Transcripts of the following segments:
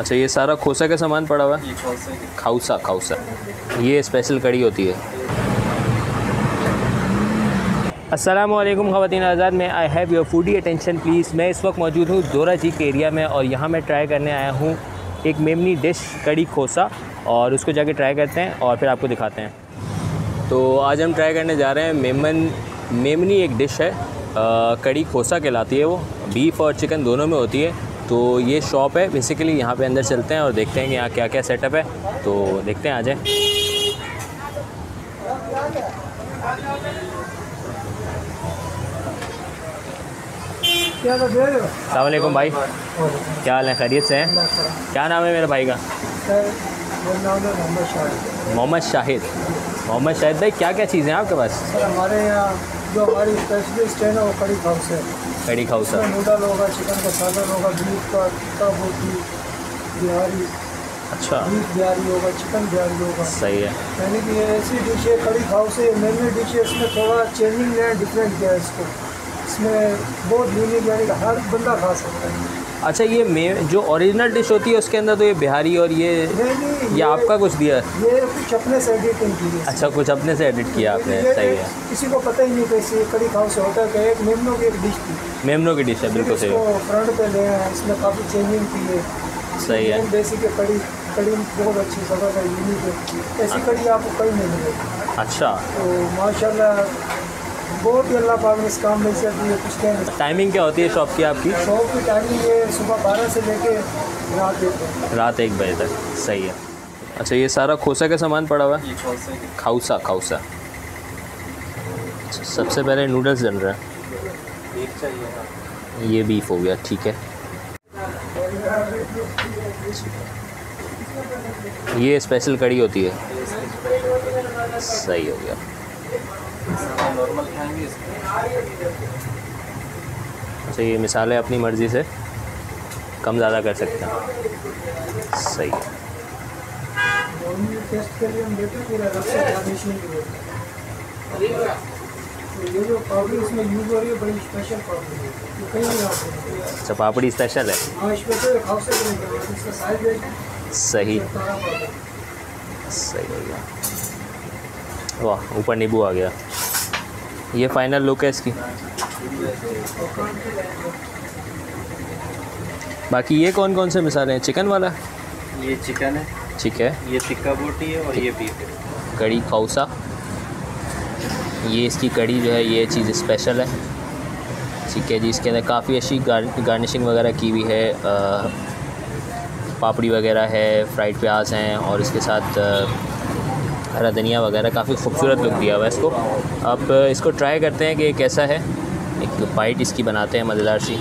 अच्छा ये सारा खोसा का सामान पड़ा हुआ है खाउसा खाउसा ये स्पेशल कड़ी होती है असलम ख़वान आज़ाद में I have your foodie attention please मैं इस वक्त मौजूद हूँ जोरा के एरिया में और यहाँ मैं ट्राई करने आया हूँ एक मेमनी डिश कड़ी खोसा और उसको जाके ट्राई करते हैं और फिर आपको दिखाते हैं तो आज हम ट्राई करने जा रहे हैं मेमन मेमनी एक डिश है आ, कड़ी खोसा कहलाती है वो बीफ और चिकन दोनों में होती है तो ये शॉप है बेसिकली यहाँ पे अंदर चलते हैं और देखते हैं कि यहाँ क्या क्या सेटअप है तो देखते हैं आ जाए सलामकुम भाई क्या हाल है खैरियत से हैं क्या नाम है मेरे भाई का मोहम्मद शाहिद मोहम्मद शाहिद भाई क्या क्या चीज़ें हैं आपके पास हमारे यहाँ जो हमारी स्पेशलिस्ट है ना वो कड़ी हाउस है कड़ी हाउस है नूडल होगा चिकन का सालन होगा बीफ का टिक्का होगी बिहारी अच्छा बीफ बिहारी होगा चिकन बिहारी होगा सही है यानी कि ये ऐसी डिश है कड़ी हाउस है मेन्यू डिश है इसमें थोड़ा चेंजिंग ने डिफरेंट किया है इसको इसमें बहुत यूनिक यानी कि हर बंदा खा सकता है अच्छा ये मे जो ओरिजिनल डिश होती है उसके अंदर तो ये बिहारी और ये ये, आपका कुछ दिया ये कुछ अपने से एडिट किया अच्छा कुछ अपने से एडिट किया आपने सही है किसी को पता ही नहीं कैसे कड़ी खाओ से होता है एक मेमनो की एक डिश थी मेमनो की डिश है बिल्कुल सही फ्रंट पे ले आए इसमें काफ़ी चेंजिंग थी है सही है देसी के कड़ी कड़ी बहुत अच्छी सफर है यूनिक है ऐसी अच्छा। कड़ी आपको कहीं नहीं मिलेगी अच्छा तो माशाल्लाह बहुत ही अल्लाह पाक ने इस काम में से अभी कुछ कहें टाइमिंग क्या होती है शॉप की आपकी शॉप की टाइमिंग ये सुबह बारह से लेके रात एक रात एक बजे तक सही है अच्छा ये सारा खोसा का सामान पड़ा हुआ है खाउसा खाउसा सबसे पहले नूडल्स जल रहे हैं ये बीफ हो गया ठीक है ये स्पेशल कड़ी होती है सही हो गया नॉर्मल खाएंगे अच्छा ये मिसालें अपनी मर्ज़ी से कम ज़्यादा कर सकते हैं सही तो अच्छा पापड़ी हाँ, स्पेशल तो है सही सही हो गया वाह ऊपर नींबू आ गया ये फाइनल लुक है इसकी बाकी ये कौन कौन से मिसाल हैं चिकन वाला ये चिकन है ठीक है ये टिक्का बोटी है और ये बीफ कड़ी खौसा ये इसकी कड़ी जो है ये चीज़ स्पेशल है ठीक है जी इसके अंदर काफ़ी अच्छी गार्निशिंग वगैरह की हुई है आ, पापड़ी वगैरह है फ्राइड प्याज हैं और इसके साथ हरा धनिया वगैरह काफ़ी खूबसूरत लुक दिया हुआ है इसको अब इसको ट्राई करते हैं कि कैसा है एक बाइट इसकी बनाते हैं मज़ेदार सी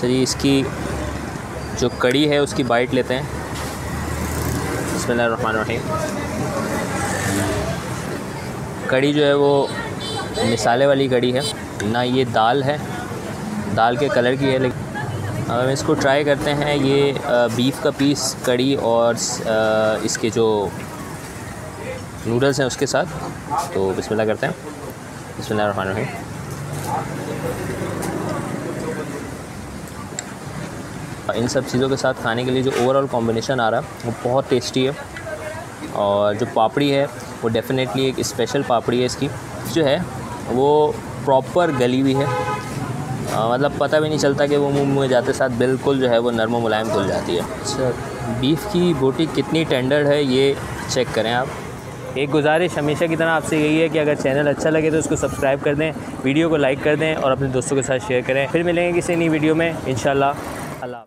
सर जी इसकी जो कड़ी है उसकी बाइट लेते हैं बसमीम कड़ी जो है वो मिसाले वाली कड़ी है ना ये दाल है दाल के कलर की है लेकिन अब हम इसको ट्राई करते हैं ये बीफ़ का पीस कड़ी और इसके जो नूडल्स हैं उसके साथ तो बिस्मिल्ला करते हैं बिस्मिल्ला रहमान रहीम इन सब चीज़ों के साथ खाने के लिए जो ओवरऑल कॉम्बिनेशन आ रहा है वो बहुत टेस्टी है और जो पापड़ी है वो डेफ़िनेटली एक स्पेशल पापड़ी है इसकी जो है वो प्रॉपर गली हुई है आ, मतलब पता भी नहीं चलता कि वो मुंह में जाते साथ बिल्कुल जो है वो नरम मुलायम खुल जाती है अच्छा बीफ की बोटी कितनी टेंडर है ये चेक करें आप एक गुजारिश हमेशा की तरह आपसे यही है कि अगर चैनल अच्छा लगे तो उसको सब्सक्राइब कर दें वीडियो को लाइक कर दें और अपने दोस्तों के साथ शेयर करें फिर मिलेंगे किसी नई वीडियो में इन अल्लाह